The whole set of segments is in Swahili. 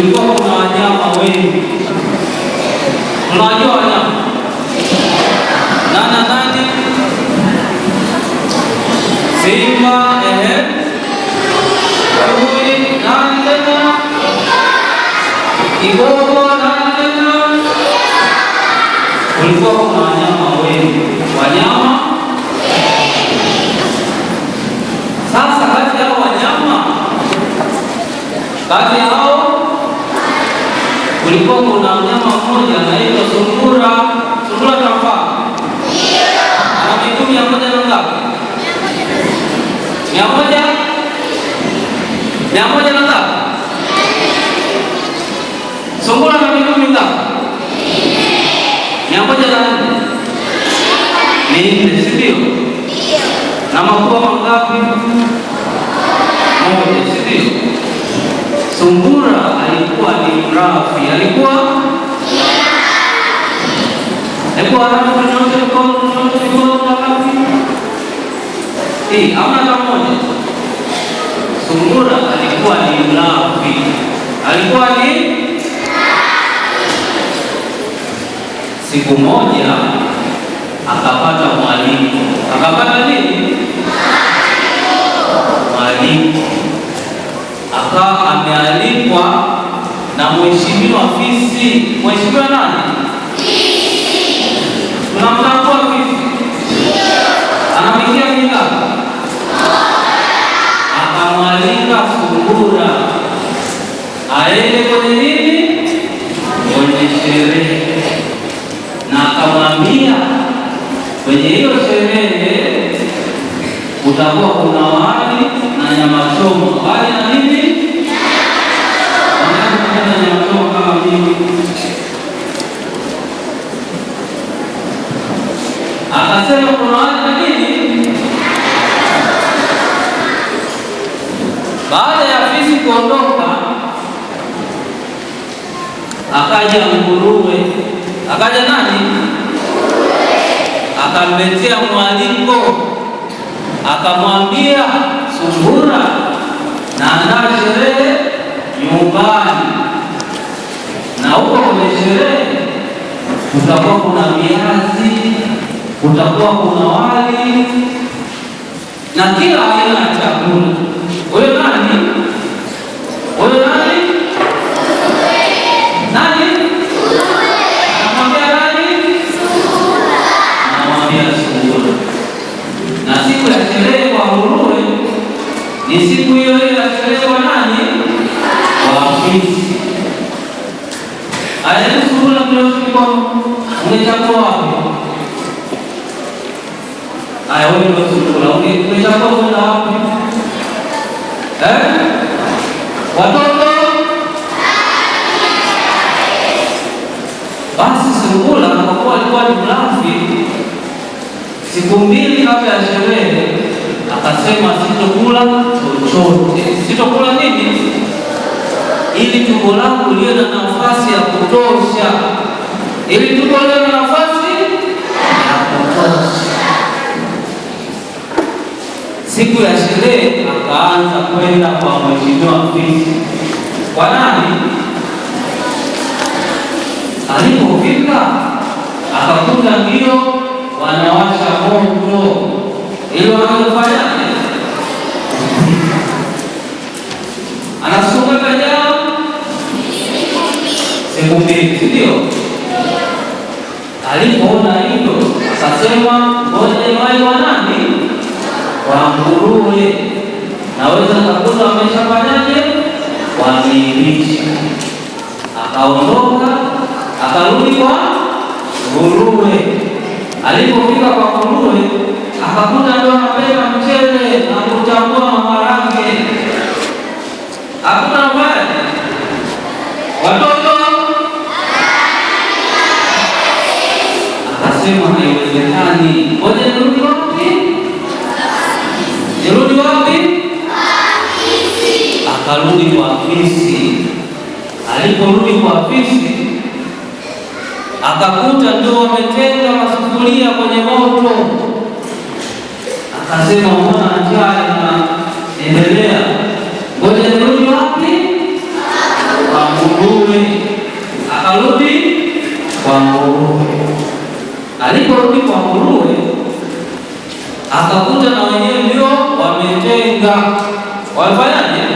Gracias. minne, si ndio? Na mabua mangapi? Moja, si ndio? Sungura alikuwa ni mrafi, alikuwa amna hata moja. Sungura alikuwa ni mlafi, alikuwa ni siku moja akapata mwalimu. Akapata nini? Mwalimu Akawa amealikwa na mheshimiwa Fisi. Mheshimiwa nani? Tunamtambua Fisi? Akamwalika sungura aende kwenye nini akaja nguruwe, akaja nani? Akamletea mwaliko, akamwambia Sungura, naandaa sherehe nyumbani, na huko kwenye sherehe kutakuwa kuna viazi, kutakuwa kuna wali na kila aina ya chakula. siku mbili kabla ya sherehe akasema, sitokula chochote. Sitokula nini? Ili tumbo langu liwe na nafasi ya kutosha, ili tumbo liwe na nafasi ya kutosha. Siku ya sherehe akaanza kwenda kwa mheshimiwa fisi. Kwa nani? Alipofika akakuta ndio wanawasha moto ili wanaofanyaje, anasukuma pajao siku mbili, si ndio? Alipoona hilo akasema, ngoja wanani wa nani wa naweza kakuta wameshafanyaje, wameilisha. Akaondoka akarudi kwa nguruwe. Alipofika kwa nguruwe akakuta ndo anapenda mchele na kuchambua maharage, hakuna mbali watoto, akasema haiwezekani. Oje, nirudi wapi? Nirudi wapi? Akarudi kwa afisi. Aliporudi kwa afisi akakuta ndio wametenga masufuria kwenye moto, akasema mbona njaa inaendelea, ngoja nirudi wapi? Kwa nguruwe. Akarudi kwa nguruwe. Aliporudi kwa nguruwe, akakuta na wenyewe ndio wametenga, wamefanyaje?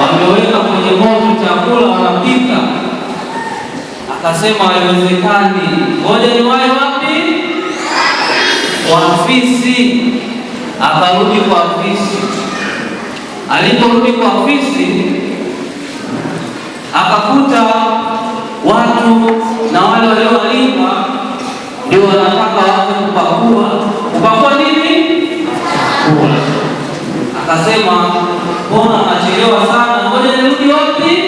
Wameweka kwenye moto chakula, wanapika Kasema haiwezekani, ngoja ni wahi wapi? Kwa afisi. Akarudi kwa afisi. Aliporudi kwa afisi, akakuta watu na wale waliowalipa ndio wanataka waanze kupakua. Kupakua nini? Kula. Akasema mbona anachelewa sana, ngoja nirudi wapi?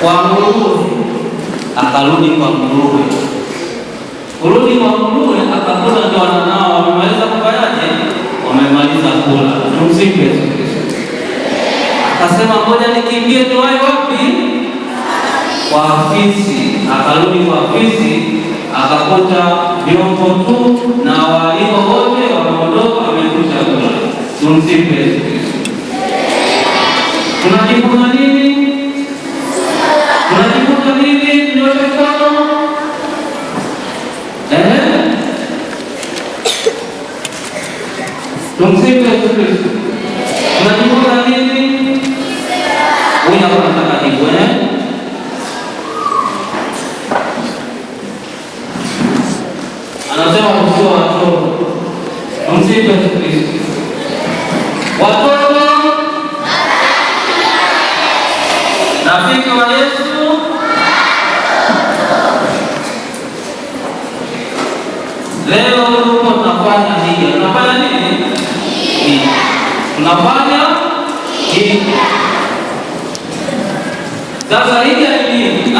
Kwa Mungu akarudi kwa nguruwe. Kurudi kwa nguruwe akakula, ndio wananao wamemaliza kufanyaje? Wamemaliza kula. Tumsifu Yesu Kristo. Akasema ngoja nikimbie niwahi wapi? Kwa afisi. Akarudi kwa afisi akakuta vyombo tu na walio wote wameondoka, wamekuja kula. Tumsifu Yesu Kristo. tunajifunza uso wa watoto msifu Yesu Kristo. Watoto rafiki wa Yesu. Leo huko tunafanya hii, tunafanya nini? Tunafanya hii sasa, hii ni nini?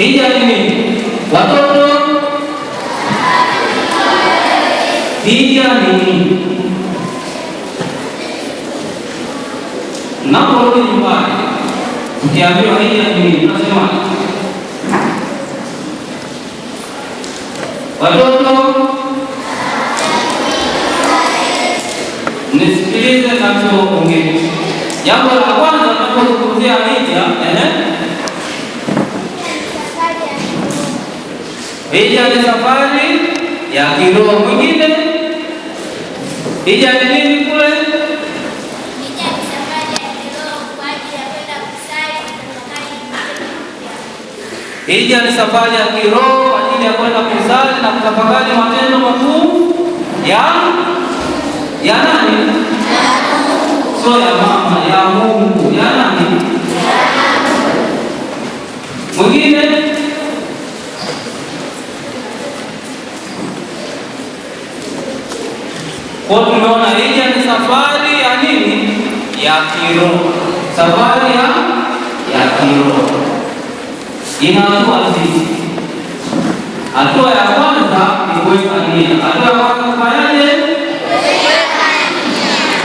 Hija nini? Watoto hija nini? Mnaporudi nyumbani mkiambiwa hija nini, nasema watoto nisikilize nachoongea. Jambo la kwanza tunapozungumzia hija, ehe hija ni safari ya kiroho mwingine. Hija ni nini kule? Hija ni safari ya kiroho kwa ajili ya kwenda kusali na kutafakari maneno makuu ya ya nani? Sio ya mama, ya Mungu, ya nani? Mwingine Kwa hiyo tumeona hija ni safari ya nini? Ya kiroho, safari ya ya kiroho. Ina hatua sisi. Hatua ya kwanza ni kuweka nia. Hatua ya kwanza kufanyaje?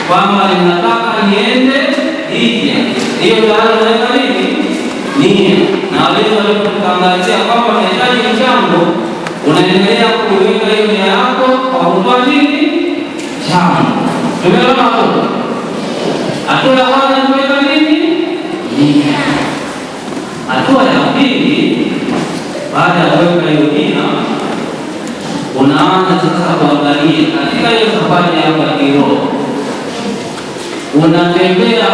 Kwamba ninataka niende hija, hiyo tayari unaweka nini? Nia. Na walizo walikuangazia kwamba unahitaji mchango, unaendelea kuiweka hiyo nia yako kwa kutoa nini tamu. Umeona hapo? Hatua ya kwanza tumeita nini? Nia. Hatua ya pili, baada ya kuweka hiyo nia, unaanza sasa kuangalia katika hiyo safari yako ya kiroho unatembea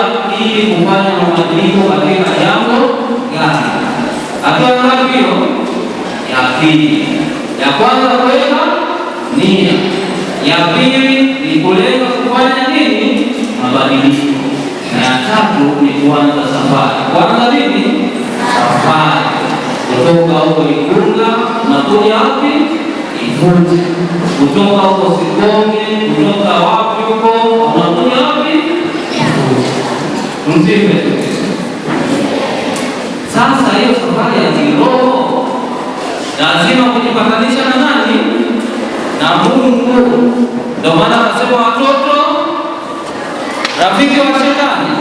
ili kufanya mabadiliko katika jambo gani? Hatua ngapi hiyo? Ya pili. Ya kwanza kuweka nia ya pili ni kulenga kufanya nini? Mabadiliko. Na ya tatu ni kuanza safari. Kuanza nini? Safari kutoka huko Igunga na kuja wapi? Igunga. Kutoka huko Sikonge, kutoka wapi huko unakuja wapi? Msipe sasa, hiyo safari ya kiroho lazima kujipatanisha Mungu. Ndio maana anasema watoto rafiki wa shetani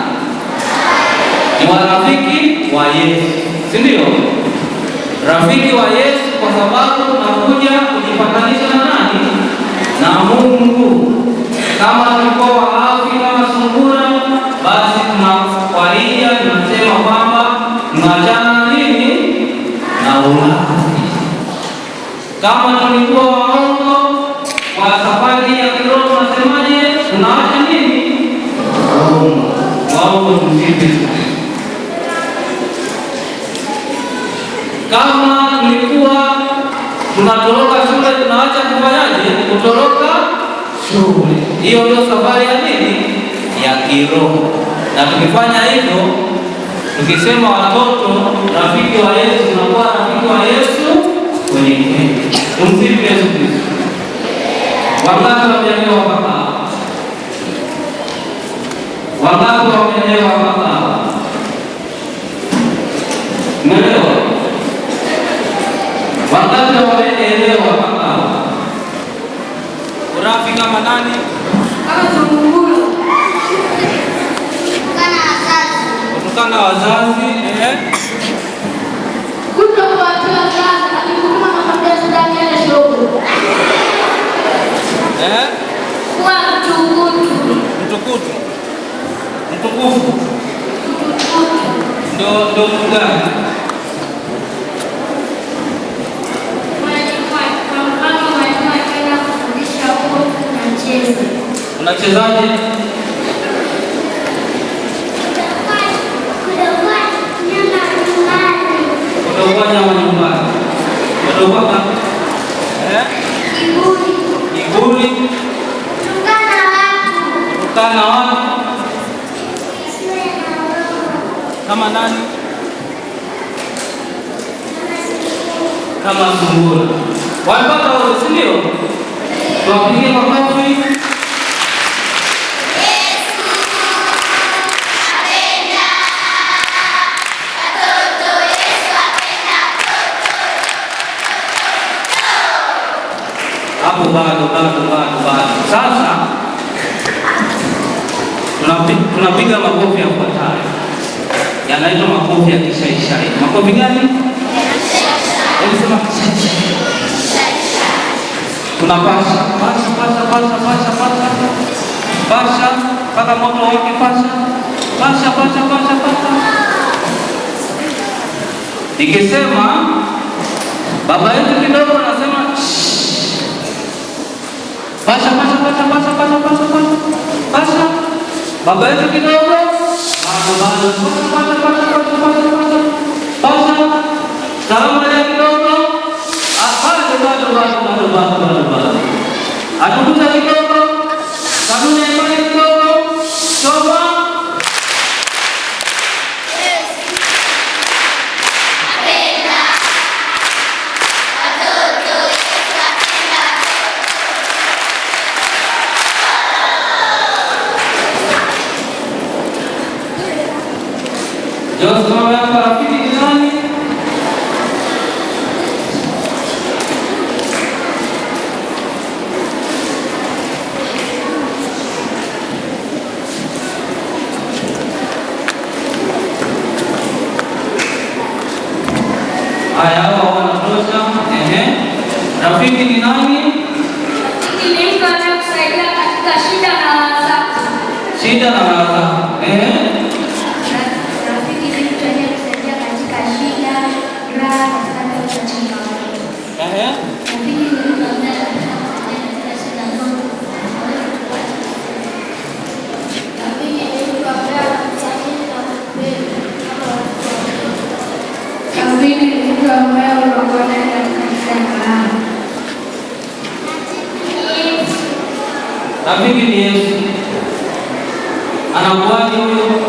ni warafiki wa Yesu, si ndio? Rafiki wa Yesu kwa sababu unakuja kujipatanisha na nani? Na Mungu. Kama tulikuwa waafi kama sungura, basi tunakwalia tunasema kwamba tunachana nini na ulafi. Kama tulikuwa waongo kwa safari ya kiroho wasemaje? Tunaacha nini? Kama tulikuwa tunatoroka shule, tunaacha kufanyaje? Kutoroka shule. Hiyo ndio safari ya nini? Ya kiroho. Na tukifanya hivyo, tukisema watoto rafiki wa Yesu, tunakuwa rafiki wa Yesu kwenye kweli. Tumsifu Yesu Kristo. Wangapi wameelewa mpaka Wangapi wameelewa mpaka hapa? Wangapi wameelewa mpaka Urafi kama nani? Kutukana wazazi eh? wazazi, alikuwa na ndani ya shule eh? Kuwa mtukutu. Mtukutu. Mtukufu. Ndio ndio mgani? Unachezaje? Kama nani? Kama mzunguru Wanapata wote, si ndio? Tuwapigie makofi. Hapo bado bado bado bado. Sasa tunapiga makofi yafuatayo yang lain yanaitwa makofi ya kishaishai. Makofi gani? Sema tunapasha pasha pasha pasha pasha pasha pasha mpaka moto wake pasha pasha pasha pasha pasha. Nikisema baba yetu kidogo anasema pasha pasha pasha pasha pasha pasha pasha baba yetu kidogo Aku tuh jadi kau, kamu Wamesimama hapa rafiki ni nani? Haya, hapa wanatosha. Ehe, rafiki ni nani? Rafiki ni mtu anayekusaidia katika shida na raha zako, shida na raha Bwana katika ni Yesu anakuaje huyo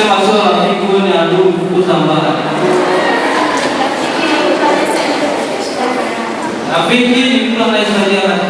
Akasema sio rafiki, wewe ni adui, fukuza mbali. Rafiki ni mtu anayesaidia